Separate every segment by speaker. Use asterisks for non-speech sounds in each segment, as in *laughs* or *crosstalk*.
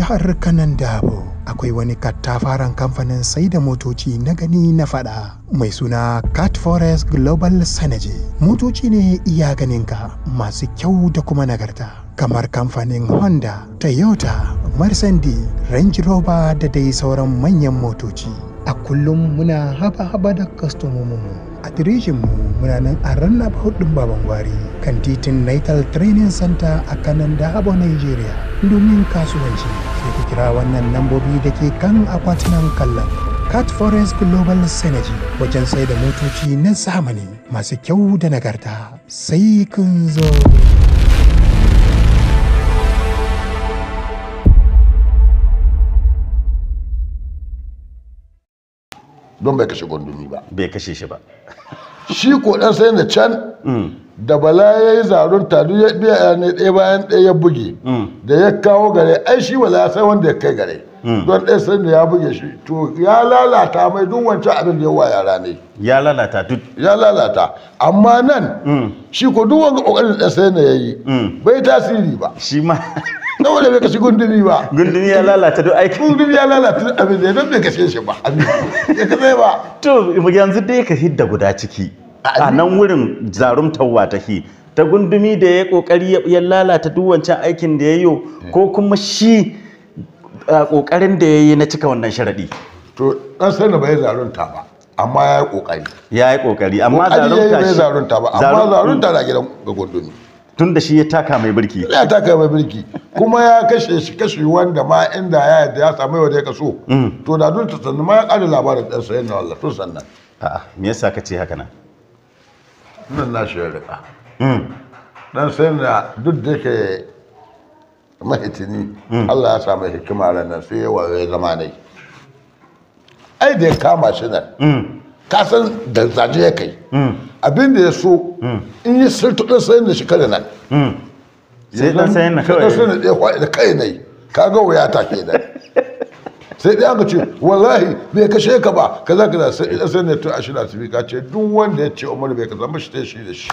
Speaker 1: jihar kanan dabo akwai wani kattafaren kamfanin sai da motoci na gani na fada mai suna cat forest global synergy motoci ne iya ganinka masu kyau da kuma nagarta kamar kamfanin honda toyota mercedes range rover da dai sauran manyan motoci a kullum muna haba-haba da kastomominmu a mu muna nan a hudun baban gwari kan titin natal training center a kanan dahabo nigeria domin kasuwanci sai ku kira wannan lambobi da ke kan akwatunan kallon cat forest global synergy wajen sai da motoci na zamani masu kyau da nagarta sai kun
Speaker 2: zo don bai kashe gondumi ba bai kashe shi ba *laughs* shi ko dan sai na can mm. da bala ya yi zarun tadu ya biya eh, ne ɗaya bayan ɗaya ya buge mm. da ya kawo gare ai shi wala ya sai wanda ya kai gare mm. don ɗaya sai da ya buge shi to ya lalata mai duk wancan abin da ya wa yara ne ya lalata duk ya lalata amma nan shi ko duk wanga kokarin da sai ne yayi bai tasiri ba shi ma na wanda bai kashi gundumi ba gundumi ya lalata duk aiki. gundumi ya lalata duk abin da ya don bai kashe shi ba ya *laughs* kasai ba
Speaker 1: to yanzu dai ka hidda guda ciki a nan wurin zarumtarwa take ta gundumi da ya kokari ya lalata duk wancan aikin da ya yi ko kuma shi kokarin da ya yi na cika wannan sharadi to dan na bai
Speaker 2: zarunta ba
Speaker 1: amma ya yi kokari ya yi kokari amma zarunta shi zarunta ba amma zarunta na gidan ga
Speaker 2: gundumi tun da shi ya taka mai birki ya taka mai birki kuma ya kashe shi kashe wanda ma inda ya yadda ya samu da ya kaso mm. to da dun ta ma ya kada labarin dan sayan na wallahi tun sannan a'a me yasa ka ce haka nan nan na shi ya riƙa dan hmm. sai na duk da ke mahitini hmm. Allah ya samu hikima ranar sai ya waye zama ne ai da ya kama shi nan hmm. ka san da zaje ya kai abin da ya so in yi sirtu da sayin da shi kare nan sai ɗan sayin na kawai sai na sayin kai ne ka ga wuya ta ke nan sai dai aka ce wallahi bai kashe ka ba kaza kaza sai idan sai ne to a tafi ka ce duk wanda ya ce Umar bai kaza mashi ta shi da shi shi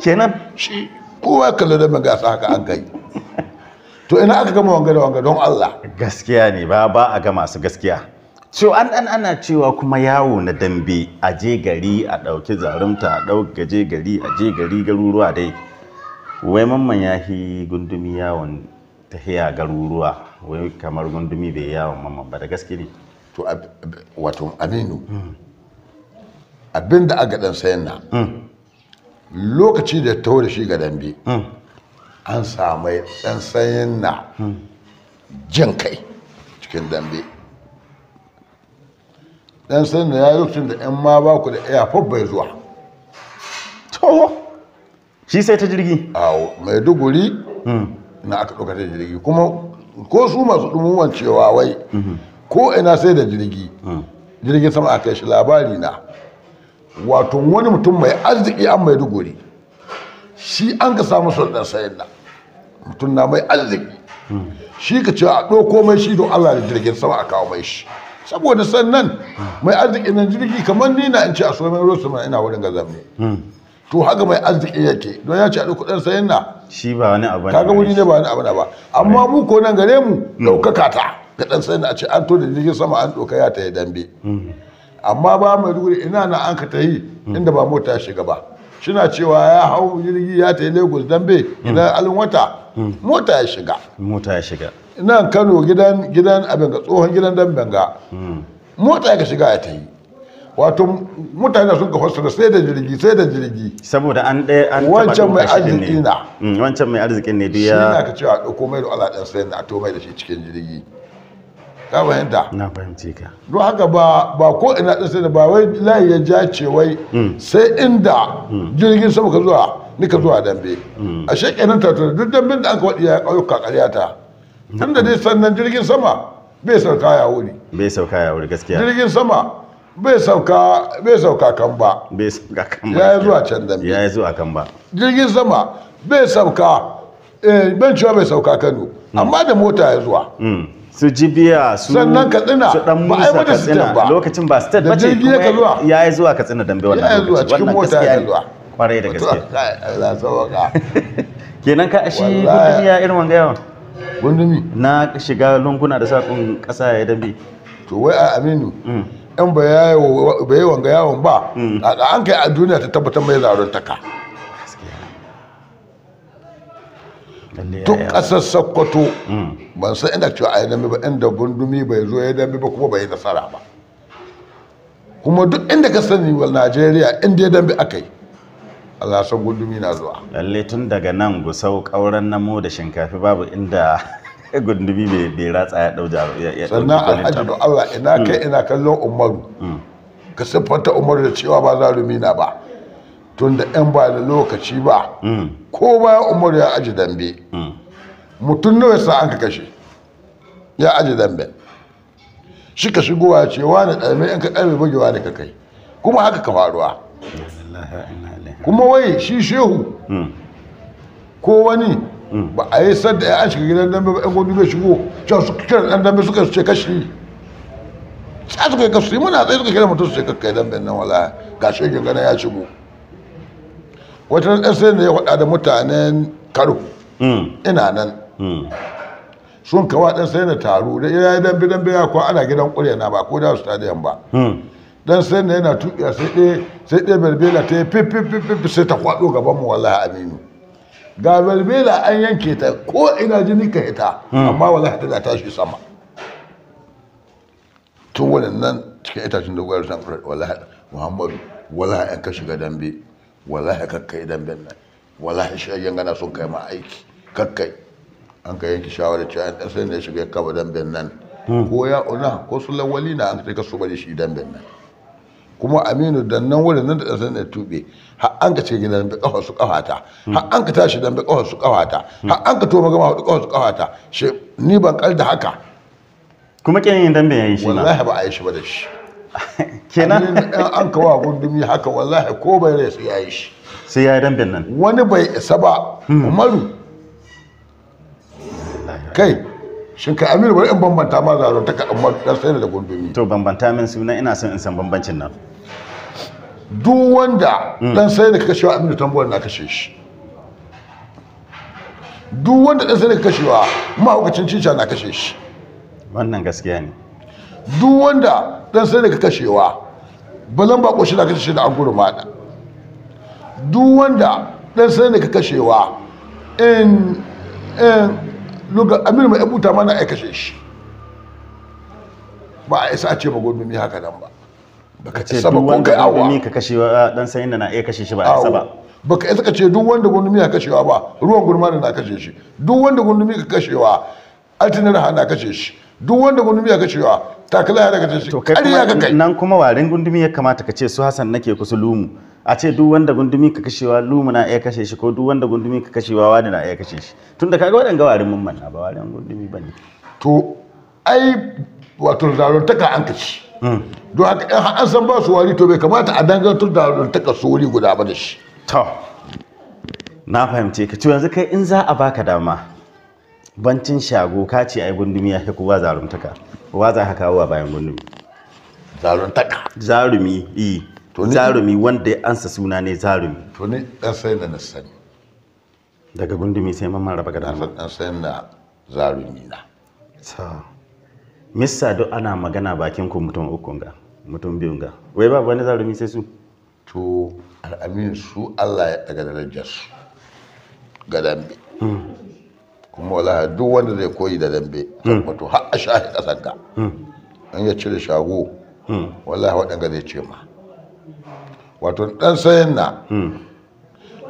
Speaker 2: shikenan shi kowa kallo da maga sa haka an kai to ina aka gama wanga da wanga don Allah
Speaker 1: gaskiya ne ba ba a ga masu gaskiya so an an ana cewa kuma yawo na dambe a je gari a ɗauki zarumta a ɗauka je gari a je gari garuruwa dai wai mamman ya hi gundumi yawon tahiya garuruwa wai
Speaker 2: kamar gundumi bai yawon mamma ba da gaske ne to wato aminu abinda da aka dan sayan na mm. lokaci da ta da shi ga dambe mm. an samu dan sayan na mm. jin kai cikin dambe dan sayan na ya lokacin da yan ma ba ku da airport bai zuwa to shi sai ta jirgi awo maiduguri na aka ɗauka da jirgi kuma ko su masu ɗumuwan cewa wai ko ina sai da jirgi hmm. jirgin sama aka shi labari na wato wani mutum mai arziki an mai duguri shi an ka samu sauɗar sayan na mutum na mai arziki hmm. shi ka ce a ɗauko mai shi don allah da jirgin sama a kawo mai shi saboda sannan hmm. mai arziki na jirgi kamar ni na in ce a sunan rosu ina wurin gazan ne to haka mai arziki yake don ya ci a kuɗin sayan na shi ba wani abu kaga wuri ne ba wani abu ba amma mu ko nan gare mu daukaka ta ga dan sayan a ce an to da jirgin sama an doka ya ta ya dambe mm. amma ba mai duguri ina na an ka ta yi mm. inda ba mota ya shiga ba shina cewa ya hau jirgi ya ta yi lagos dambe mm. ina alin wata mota ya shiga
Speaker 1: mota ya shiga
Speaker 2: nan kano gidan gidan abin ga tsohon gidan dambe ga mota ya shiga ya ta yi wato mutane sun ga hostel sai da jirgi sai da jirgi saboda an ɗaya an wancan mai arziki na mm, wancan mai arzikin ne duk ya shi ne aka cewa ɗauko mai da Allah sai na a mai da shi cikin jirgi ka fahimta na fahimci ka don haka ba ba ko ina ɗin sai ba wai layi ya ja ce wai mm. sai inda mm. jirgin sama ka zuwa ni ka zuwa dambe a shekarun tattara duk dambin da aka waɗi ya ƙauyuka ta tun da dai sannan jirgin sama bai sauka ya wuri bai sauka ya wuri gaskiya jirgin sama bai sauka bai sauka kan ba bai sauka kan ba yayi zuwa can dambe yayi zuwa kan ba jirgin sama bai sauka eh ban cewa bai sauka Kano hmm. amma da mota ya zuwa hmm. su jibiya su sannan katsina su dan musa katsina ba lokacin ba state ba ce ya
Speaker 1: yayi zuwa katsina dambe wannan lokaci wannan gaskiya ne kwarai da gaske
Speaker 2: *laughs* Allah sauka
Speaker 1: *laughs* kenan ka shi ya irin wanga yawan gundumi na shiga lunguna
Speaker 2: da sakon ƙasa ya dambe to wai a aminu yan mm. ba yi wanga yawon ba mm. a an kai a duniya ta tabbatar mai zaron taka duk ƙasar sokoto mm. ban san inda cewa a yi dami ba inda bundumi bai zo ya dami ba kuma bai yi nasara ba kuma duk inda ka sani wa najeriya inda ya dami aka yi alasan gundumi na zuwa
Speaker 1: lalle tun daga nan gusau kauran namo da shinkafi babu inda gundumi bai ratsa ya ɗau ya sannan alhaji allah ina kai hmm.
Speaker 2: ina kallon umaru hmm. ka siffanta umaru da cewa ba za na ba tun da yan ba da lokaci ba hmm. ko bayan umaru ya aji dambe mutum nawa sa an ka kashe ya aji dambe shi ka shigowa ce wani ɗalmi in ka ɗalmi bugewa ne ka kai kuma haka ka faruwa kuma wai shi shehu ko wani ba a yi sanda ya shiga gidan dambe ba yan gobi bai shigo cewa su kiran dan dambe suka ce kashi sai suka yi kasu muna tsaye suka kira mutum su ce kakkai dambe nan wala ga shi ke gana ya shigo wata ɗan sai ne ya faɗa da mutanen karo hmm. ina nan hmm. sun kawa ɗan sai na taro da ya yi dambe dambe ya kuwa ana gidan ƙurya na ba ko da su stadium ba dan hmm. sai na yana tuɓiya sai ɗaya sai ɗaya belbela ta yi fifififif sai ta kwaɗo gaban mu wallahi aminu ga balbela an yanke ta ko ina jini ka hita hmm. amma wallahi ta tashi sama to wannan cikin itacin dogon sun fara wallahi muhammadu wallahi an ka shiga dambe wallahi kakkai damben nan wallahi shagen gana sun kai ma aiki kakkai an ka yanke shawarar cewa ɗan sai ne shiga kaba damben nan hmm. ko ya ona ko su lawali na an ka su bari shi damben nan kuma aminu da nan wurin nan da ɗan da tuɓe har an ka cika gidan ƙafa su ƙafata har an ka tashi dan ƙafa su ƙafata har an ka to magama hudu ƙafa su ƙafata shi ni ban kal da haka kuma kin yin dambe yayi shi wallahi ba a yi shi ba da shi *laughs* kenan an ka wa gundumi haka wallahi ko bai rai sai yayi shi sai yayi damben nan wani bai isa ba hmm. umaru kai shin ka amir bari in
Speaker 1: bambanta ma zaro ta ka amma da sai da gundumi to bambanta min suna ina son in san bambancin nan
Speaker 2: duk wanda dan mm. sai da kashewa Aminu tambuwar na kashe shi duk wanda dan sai da kashewa mahaukacin cica na kashe shi wannan gaskiya ne duk wanda dan sai da kashewa balan bako shi na kashe shi da an gudu mada duk wanda dan sai da kashewa in in luga amir mai abuta mana ya kashe shi ba a isa a ce magudumi haka nan ba baka ce duk wanda gundumi
Speaker 1: ka wa dan sayin da na iya kashe shi ba a isa ba
Speaker 2: baka isa ka ce duk wanda gundumi ka kashewa ba ruwan gurma na kashe shi duk wanda gundumi ka kashewa altinar na kashe shi duk wanda gundumi ya kashewa takala ya kashe shi to kai
Speaker 1: nan kuma warin gundumi ya kamata ka ce su hasan nake kusa lumu a ce duk wanda gundumi ka kashewa lumu na iya kashe shi ko duk wanda gundumi ka kashewa wani na iya kashe shi tunda kaga waɗanga warin mun manna ba warin gundumi ba ne to
Speaker 2: ai wato zaruntaka an kashe hmm. don haka ɗan an san ba su wari to bai kamata a dangantar da zaruntaka su wuri guda ba da shi to
Speaker 1: na fahimce ka to yanzu kai in za a baka dama bancin shago ka ce ai gundumi ya kuwa zaruntaka wa za ka kawo bayan gundumi zaruntaka zarumi i eh. zarumi wanda ya ansa suna ne zarumi to ne
Speaker 2: dan sai na sani
Speaker 1: daga gundumi sai mamman raba gada na dan sai na zarumi na sa missa duk ana magana bakin ku mutum uku ga mutum biyu ga wai ba wani zarumi
Speaker 2: sai su to al'amin su Allah ya daga darajar su ga dambe hmm. kuma wala duk wanda zai koyi da dambe wato hmm. har a shahi kasanka an hmm. ya cire shago wallahi waɗanga zai ce ma wato dan sayan na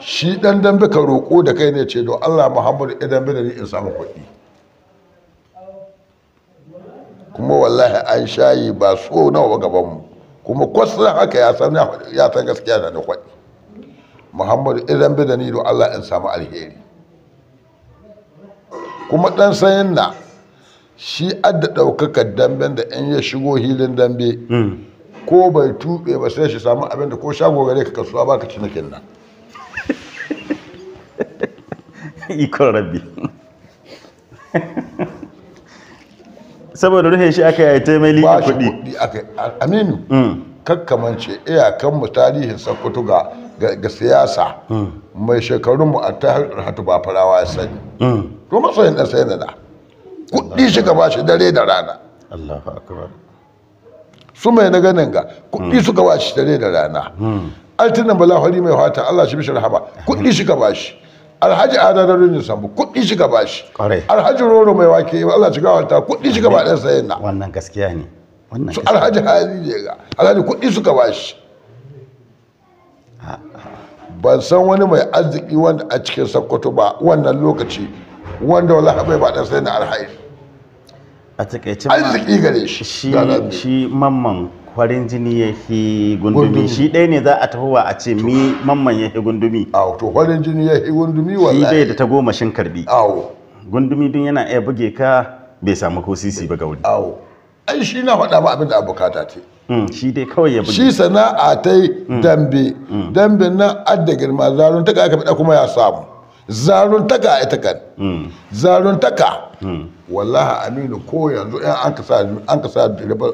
Speaker 2: shi dan dambe ka roƙo da kai ne ce don Allah Muhammadu idan eh bi da ni in samu kuɗi kuma wallahi an shayi ba so nawa gaban mu kuma kwasan haka ya san ya san gaskiya da na kuɗi Muhammadu idan eh bi da ni don Allah in samu alheri kuma dan sayan na shi adda ɗaukakar damben da in ya shigo hilin dambe hmm. ko bai tuɓe ba sai shi samu abinda ko shago gare ka kasuwa baka cinikin nan
Speaker 1: *laughs* ikon rabbi
Speaker 2: saboda ruhin shi aka yi ta mai liƙin kuɗi aminu mm. kakkamance iyakanmu tarihin sakkwato ga siyasa mm. mai shekarunmu a ta hatu ba farawa ya sani mm. to masoyin ɗan sai na da kuɗi shiga ba shi dare da rana su mai na ganin ga kuɗi hmm. suka ba shi dare da rana hmm. altinan bala hori mai fata Allah shi mishi haba kuɗi shi ba shi alhaji adadar ne sambu kuɗi shi ba shi alhaji roro mai wake Allah shi wata kuɗi shi ba ɗansa yana na wannan gaskiya ne su alhaji hali ne ga alhaji kuɗi suka ba shi ban san wani mai arziki wanda a cikin sakkwato ba wannan lokaci wanda wala haɓe ba ɗansa yana alhaji a takaicin arziki gare shi
Speaker 1: shi mamman farin jini ya fi gundumi shi ɗaya ne za a tafowa a ce mi mamman ya fi gundumi awo to farin jini ya fi gundumi wallahi shi bai da ta goma shin karbi awo gundumi din yana iya buge ka bai samu ko sisi
Speaker 2: ba ga awo ai shi na faɗa ba abin da abokata ce hmm, shi dai kawai ya buge shi sana'a ta hmm. dambe hmm. dambe na adda girma zarun taka aka faɗa kuma ya samu zarun taka ita kan zarun taka wallaha aminu ko yanzu yan eh, an ka sa an ka sa direba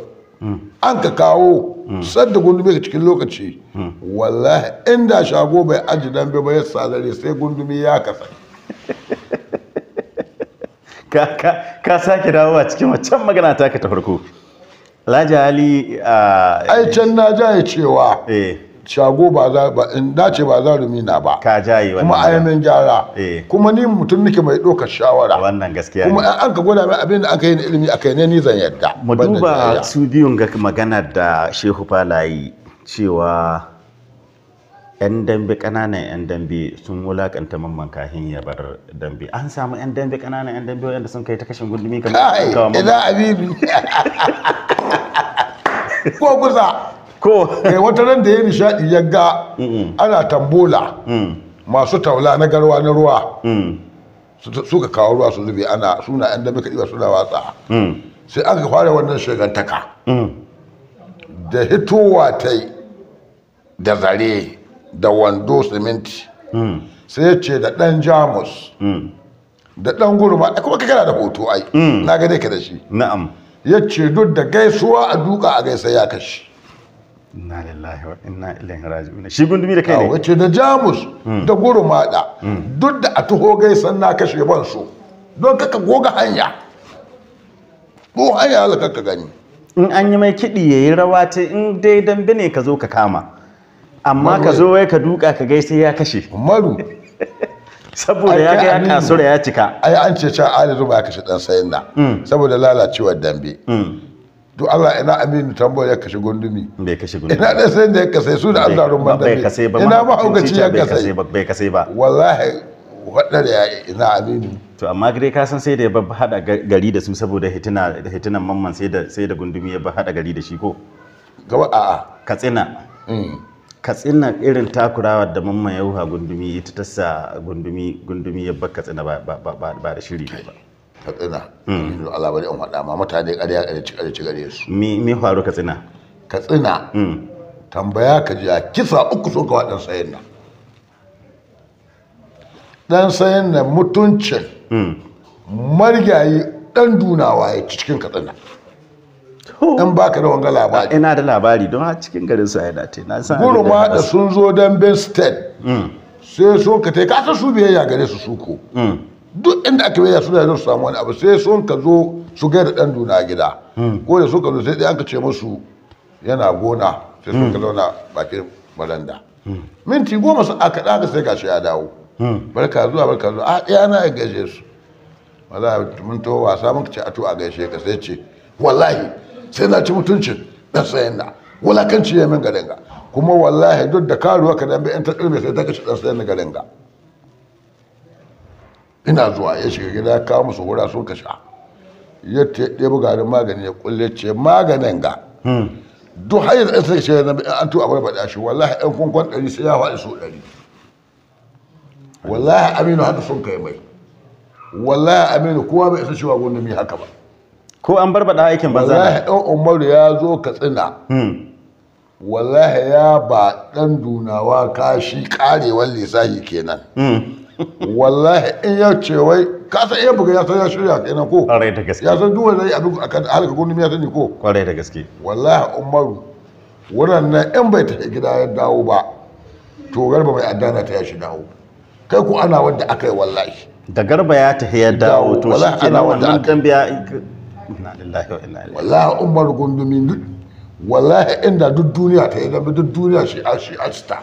Speaker 2: an ka kawo sadda gundume ka cikin lokaci wallahi inda shago bai aji dambe ba ya sadare sai gundume ya kasa *laughs* ka sake a cikin wancan magana ta ka ta farko Laji Ali a... Ah, Ai can na jaye cewa. Eh. shago ba za ba in dace ba za rumi na ba ka jayi wannan kuma ayamin gyara eh. kuma ni mutum nake mai ɗaukar shawara wannan gaskiya kuma an ka gwada min abin da aka yi na ilimi akai ne ni zan yadda mu duba
Speaker 1: su biyun ga magana da Shehu Falayi cewa yan dambe kananan yan dambe sun wulakanta mamman kahin ya bar dambe an samu yan dambe kananan yan dambe wanda sun kai ta kashin gundumi kamar kai ina
Speaker 2: abibi *laughs* ko kusa ko kai eh, wata ran da ya nishadi ya ga ana tambola mm. masu taula na garwa na ruwa mm. suka kawo ruwa su zube ana suna yan da muka diba suna watsa mm. sai aka fara wannan shagantaka da hitowa ta da zare da wando siminti sai ce da ɗan jamus da ɗan gurma kuma ka da hoto ai na ga dai ka da shi na'am ya ce duk da gaisuwa a duka a gaisa ya kashi
Speaker 1: inna lillahi wa inna ilaihi raji'un
Speaker 2: shi gundumi da kai ne wace da jamus hmm. da gurumada hmm. duk da a taho gaisan na kashe ban su don kaka goga hanya ko hanya Allah kaka gani
Speaker 1: in an yi mai kiɗi ya yi rawa ta in dai dambe ne ka zo ka kama amma ka zo wai ka duka ka gaisa ya kashe maru *laughs* saboda ya ga ya kasura ya
Speaker 2: cika ai an ce cha ali ba ya kashe dan sayin na hmm. saboda lalacewar dambe to Allah ina Aminu tambayar ya kashe gundumi bai kashe gunduni ina da sai da ya kasai su da Allah rumman da bai kasai ba ina ba haukaci ya kasai bai kasai ba wallahi wadar ya
Speaker 1: ina Aminu to amma gare ka san sai da ya hada gari da su saboda hitina da hitinan mamman sai da sai da gundumi ya hada gari da shi ko gaba a'a katsina mm. katsina irin takurawa da mamman ya yauha gundumi ita sa gundumi gundumi ya bar katsina ba da shiri ba katsina alabari an faɗa ma mutane
Speaker 2: ƙarya ƙarya ci ƙarya ci ƙarya su me faru katsina katsina mm. tambaya ka a kisa uku sun kawo ɗan sayan nan ɗan sayan nan mutuncin mm. marigayi ɗan dunawa ya ci cikin katsina in ba ka da wanga labari ina da labari don har cikin garin sa yana te na san gurma da sun zo don state mm. sai sun ka te ka san su biyayya gare su suko duk inda aka yaya suna yanzu su samu wani abu sai sun ka zo su gaida dan duna gida hmm. ko da suka zo sai dai ka ce musu yana gona sai sun ka hmm. zauna bakin baranda hmm. minti goma sun aka daga sai gashi ya dawo barka zuwa barka zuwa a ɗaya na gaje su wala mun to wasa mun ce a to a gaishe ka sai ce wallahi sai na ci mutuncin dan sayan na wulakanci ya min garin ga kuma wallahi duk da karuwa ka dambe in ta kirme sai ta kace dan sayan na garin ga ina zuwa ya shiga gida ya kawo musu wura sun ka sha ya buga garin magani ya kulle ce maganin ga hmm. duk har yanzu sai ce na an tu abar faɗa shi wallahi ɗan kunkon ɗari sai ya faɗi su ɗari wallahi aminu haka sun kai mai wallahi aminu kowa bai isa cewa gundumi haka ba ko an barbaɗa aikin ba za wallahi ɗan umaru ya zo katsina hmm. wallahi ya ba ɗan dunawa kashi ƙarewar lissahi kenan hmm. wallahi in ya ce wai ka san iya buga ya san ya shirya kenan ko kwarai da gaske ya san duk wani abin a kan halaka gundumi ya sani ko kwarai da gaske wallahi umaru wannan na in bai tafi gida ya dawo ba to garba mai addana ta ya shi dawo kai ko ana wanda aka yi wallahi da garba ya tafi ya dawo to shi ke na wannan dambiya inna lillahi wa inna ilaihi wallahi umaru gundumi wallahi inda duk duniya ta yi dambe duk duniya shi a shi a ta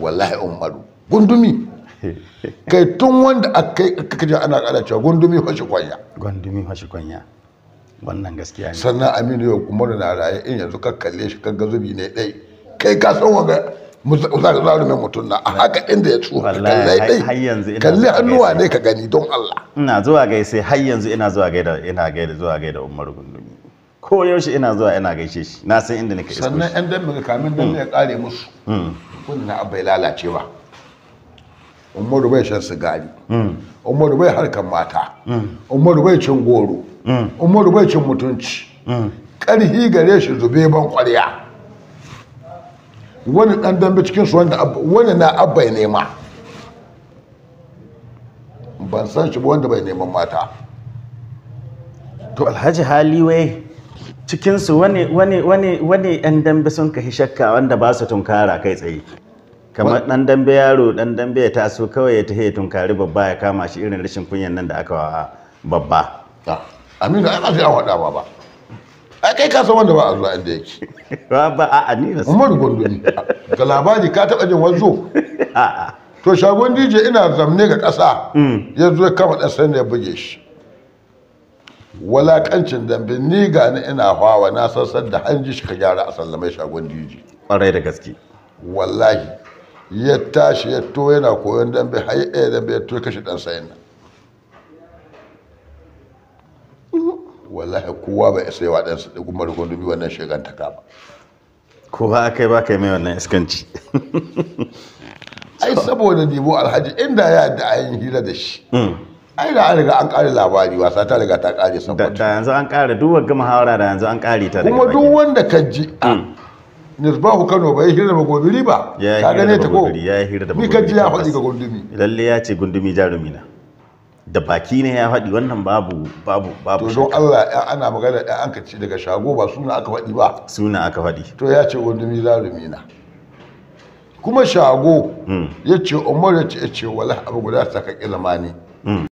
Speaker 2: wallahi umaru gundumi kai tun wanda aka kaje ana kada cewa gundumi hashi kwanya gundumi hashi kwanya wannan gaskiya ne sannan aminu ya kuma na raye in yanzu ka kalle shi ka gazubi ne dai kai ka san zaru mai mutum na a haka inda ya tsufa kallai kalli hannuwa ne ka gani don Allah
Speaker 1: ina zuwa sai har yanzu ina zuwa da ina da zuwa da Umar Gundumi ko yaushe ina zuwa ina gaishe shi na san inda
Speaker 2: nake sannan dan dambe kamin dambe ya kare musu hmm. kunna abai lalacewa umaru bai shan sigari hmm. umaru bai harkar mata hmm. umaru bai cin goro hmm. umaru bai cin mutunci ƙarhi gare shi zube ban ƙwarya wani ɗan dambe cikinsu wani na abai nema ban san shi wanda bai neman mata
Speaker 1: to alhaji haliwai cikinsu wani yan dambe sun kahi shakka wanda ba su tunkara kai tsaye kamar dan dambe yaro dan dambe ya taso kawai ya tahe tunkari babba ya kama shi irin rashin kunyan nan da aka wa babba
Speaker 2: ah, aminu ai ba a an wada ba ai kai ka san wanda ba a zuwa inda yake *laughs* ba ba a a ni na Umar Gondoni ga labari ka taba jin wanzo a a to shagon DJ ina zamne ga kasa mm. yanzu ya kama ɗan sanda ya buge shi walakancin dambe ni ga ni ina hawa na sassar da hanji shi ka gyara a sallamai shagon diji ƙwarai da gaske wallahi ya tashi ya to yana koyon dambe har ɗaya dambe ya to kashe ɗan sayin nan wallahi kowa ba ya sayawa dan sa gumar dubi wannan shegan ta kama
Speaker 1: kowa yi ba kai mai wannan iskanci
Speaker 2: ai saboda nemo alhaji inda ya da ayin hira da shi mm. ai da an riga an kare labari wasa ta riga ta kare sabbata da yanzu an kare duk wagga muhawara da yanzu an kare ta kuma duk wanda ka ji ku ah, hmm. kano bai hira da magobiri ba ka gane ta ko ya
Speaker 1: hira da magobiri ka ji ya faɗi ga gundumi lalle ya ce gundumi jarumi na da baki ne ya faɗi wannan babu
Speaker 2: babu babu to don Allah ya ana magana da an kace daga shago ba suna aka faɗi ba
Speaker 1: suna aka faɗi
Speaker 2: to ya ce gundumi jarumi na kuma shago hmm. ya ce umar ya ce wala abu guda saka kilma ne hmm.